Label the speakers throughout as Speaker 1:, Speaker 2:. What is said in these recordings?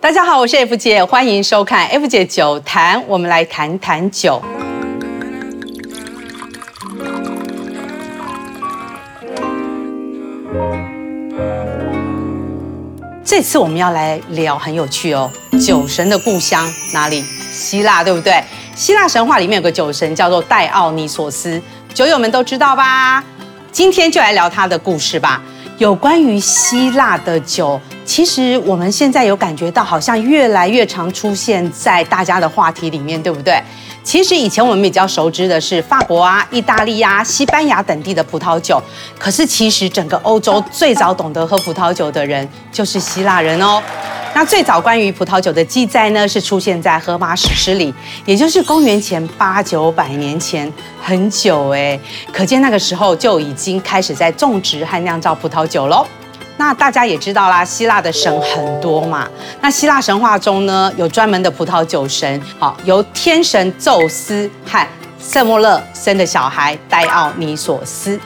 Speaker 1: 大家好，我是 F 姐，歡迎收看 F 姐酒談，我們來談談酒。這次我們要來聊很有趣哦，酒神的故鄉，哪裡？希臘，對不對？希臘神話裡面有個酒神叫做戴奧尼索斯，酒友們都知道吧？今天就來聊他的故事吧。有關於希臘的酒，其實我們現在有感覺到，好像越來越常出現在大家的話題裡面，對不對？其實以前我們比較熟知的是法國啊、意大利啊、西班牙等地的葡萄酒，可是其實整個歐洲最早懂得喝葡萄酒的人就是希臘人哦。那最早關於葡萄酒的記載呢，是出現在《荷馬史詩》裡，也就是公元前八九百年前，很久哎、欸，可見那個時候就已經開始在種植和釀造葡萄酒嘍。那大家也知道啦，希臘的神很多嘛，那希臘神話中呢，有專門的葡萄酒神，好、哦，由天神宙斯和瑟默勒生的小孩戴奧尼索斯。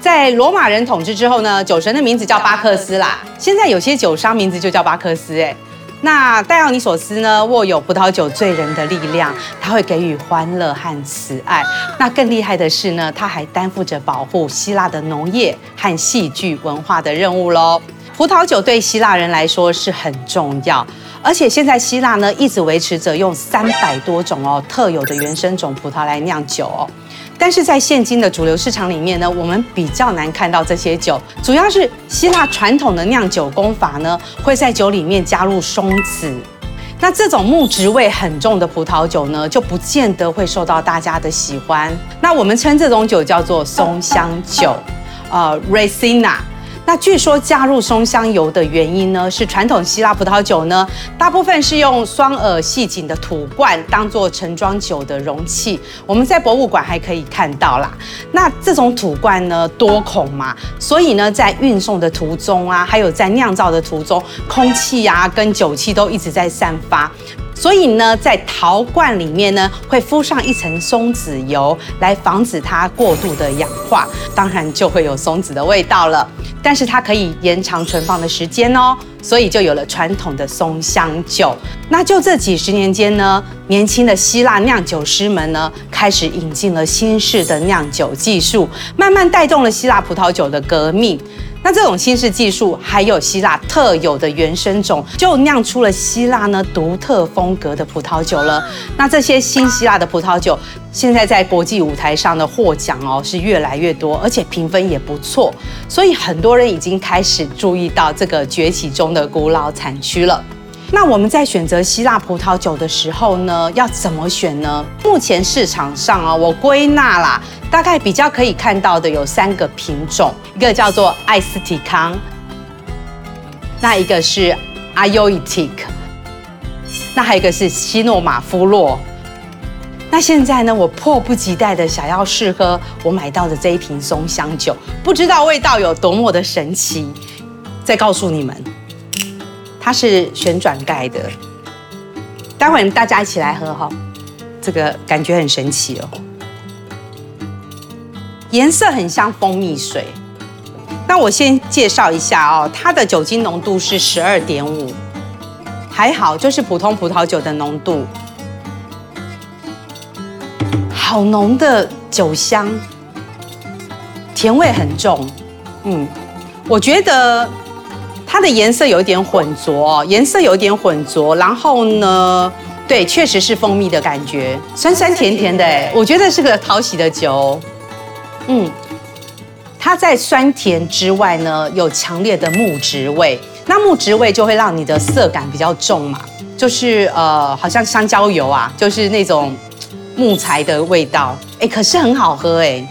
Speaker 1: 在羅馬人統治之後呢，酒神的名字叫巴克斯啦。現在有些酒商名字就叫巴克斯哎、欸。那戴奧尼索斯呢，握有葡萄酒醉人的力量，他會給予歡樂和慈愛。那更厲害的是呢，他還擔負着保護希臘的農業和戲劇文化的任務嘍。葡萄酒對希臘人來說是很重要。而且現在希臘呢，一直維持着用三百多種哦特有的原生種葡萄來釀酒哦。但是在現今的主流市場裡面呢，我們比較難看到這些酒。主要是希臘傳統的釀酒工法呢，會在酒裡面加入松子。那這種木質味很重的葡萄酒呢，就不見得會受到大家的喜歡。那我們稱這種酒叫做松香酒，啊、呃、，Retsina。Retsina。那據說加入松香油的原因呢，是傳統希臘葡萄酒呢，大部分是用雙耳細頸的土罐當做盛裝酒的容器，我們在博物館還可以看到啦。那這種土罐呢，多孔嘛，所以呢，在運送的途中啊，還有在釀造的途中，空氣啊跟酒氣都一直在散發。所以呢，在陶罐裡面呢，會敷上一層松子油，來防止它過度的氧化，當然就會有松子的味道了。但是它可以延長存放的時間哦，所以就有了傳統的松香酒。那就這幾十年間呢，年輕的希臘釀酒師們呢，開始引進了新式的釀酒技術，慢慢帶動了希臘葡萄酒的革命。那這種新式技術，還有希臘特有的原生種，就釀出了希臘呢獨特風格的葡萄酒了。那這些新希臘的葡萄酒，現在在國際舞台上的獲獎哦是越來越多，而且評分也不錯，所以很多人已經開始注意到這個崛起中的古老產區了。那我們在選擇希臘葡萄酒的時候呢，要怎麼選呢？目前市場上啊、哦，我歸納啦，大概比較可以看到的有三個品種，一個叫做艾斯提康，那一個是阿尤伊特克，那還有一個是西諾瑪夫洛。那現在呢，我迫不及待的想要試喝我買到的這一瓶松香酒，不知道味道有多麼的神奇，再告訴你們。它是旋轉蓋的，待會你們大家一起來喝哈、哦，這個感覺很神奇哦，顏色很像蜂蜜水。那我先介紹一下哦，它的酒精濃度是十二點五，還好，就是普通葡萄酒的濃度。好濃的酒香，甜味很重，嗯，我覺得。它的顏色有點混濁，哦，顏色有點混濁，然後呢，對，確實是蜂蜜的感覺，酸酸甜甜的，哎，我覺得是個討喜的酒。嗯，它在酸甜之外呢，有強烈的木質味，那木質味就會讓你的色感比較重嘛，就是呃，好像香蕉油啊，就是那種木材的味道，哎，可是很好喝誒，哎。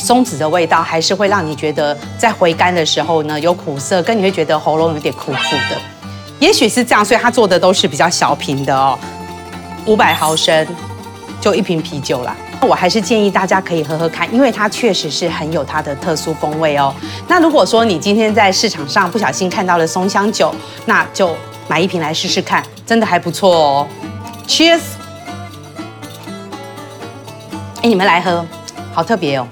Speaker 1: 松子的味道還是會讓你覺得在回甘的時候呢，有苦澀，跟你會覺得喉嚨有點苦苦的，也許是這樣，所以它做的都是比較小瓶的哦，五百毫升就一瓶啤酒啦。我還是建議大家可以喝喝看，因為它確實是很有它的特殊風味哦。那如果說你今天在市場上不小心看到了松香酒，那就買一瓶來試試看，真的還不錯哦。Cheers！哎，你們來喝，好特別哦。